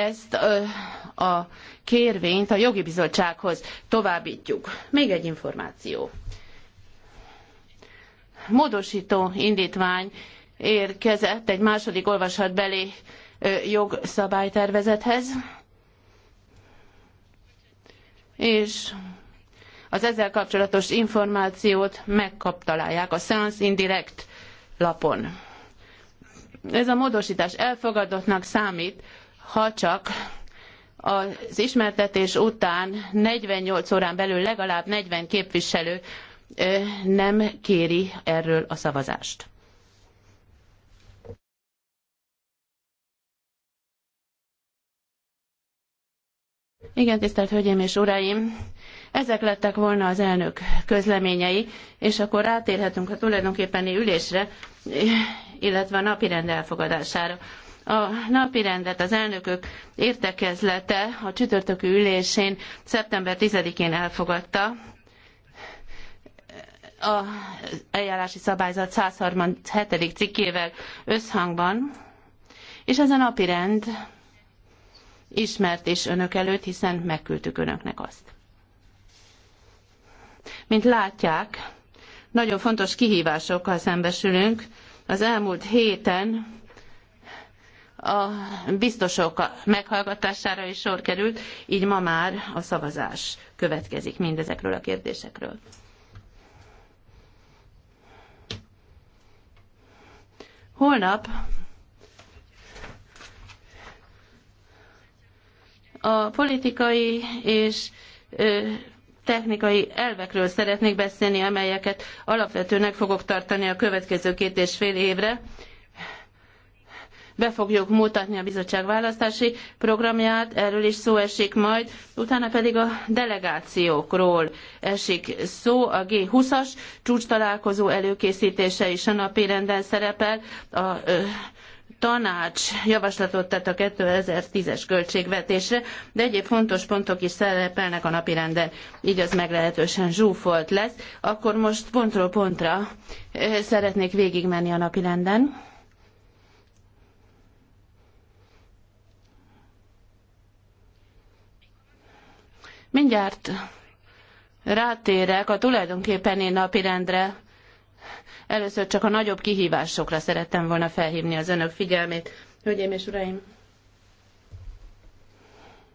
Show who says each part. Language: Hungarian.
Speaker 1: ezt a kérvényt a jogi bizottsághoz továbbítjuk. Még egy információ. Módosító indítvány érkezett egy második olvasatbeli jogszabálytervezethez, és az ezzel kapcsolatos információt megkaptalálják a Science Indirect lapon. Ez a módosítás elfogadottnak számít, ha csak az ismertetés után 48 órán belül legalább 40 képviselő nem kéri erről a szavazást. Igen, tisztelt Hölgyeim és Uraim! Ezek lettek volna az elnök közleményei, és akkor rátérhetünk a tulajdonképpeni ülésre, illetve a napirend elfogadására. A napirendet az elnökök értekezlete a csütörtökű ülésén szeptember 10-én elfogadta. A eljárási szabályzat 137. cikkével összhangban, és ez a napirend ismert is önök előtt, hiszen megküldtük önöknek azt. Mint látják, nagyon fontos kihívásokkal szembesülünk. Az elmúlt héten a biztosok meghallgatására is sor került, így ma már a szavazás következik mindezekről a kérdésekről. Holnap a politikai és technikai elvekről szeretnék beszélni, amelyeket alapvetőnek fogok tartani a következő két és fél évre be fogjuk mutatni a bizottság választási programját, erről is szó esik majd, utána pedig a delegációkról esik szó, a G20-as csúcstalálkozó előkészítése is a napirenden szerepel, a ö, tanács javaslatot tett a 2010-es költségvetésre, de egyéb fontos pontok is szerepelnek a napirenden, így az meglehetősen zsúfolt lesz. Akkor most pontról pontra szeretnék végigmenni a napirenden. Mindjárt rátérek a tulajdonképpen én napirendre. Először csak a nagyobb kihívásokra szerettem volna felhívni az önök figyelmét. Hölgyeim és uraim!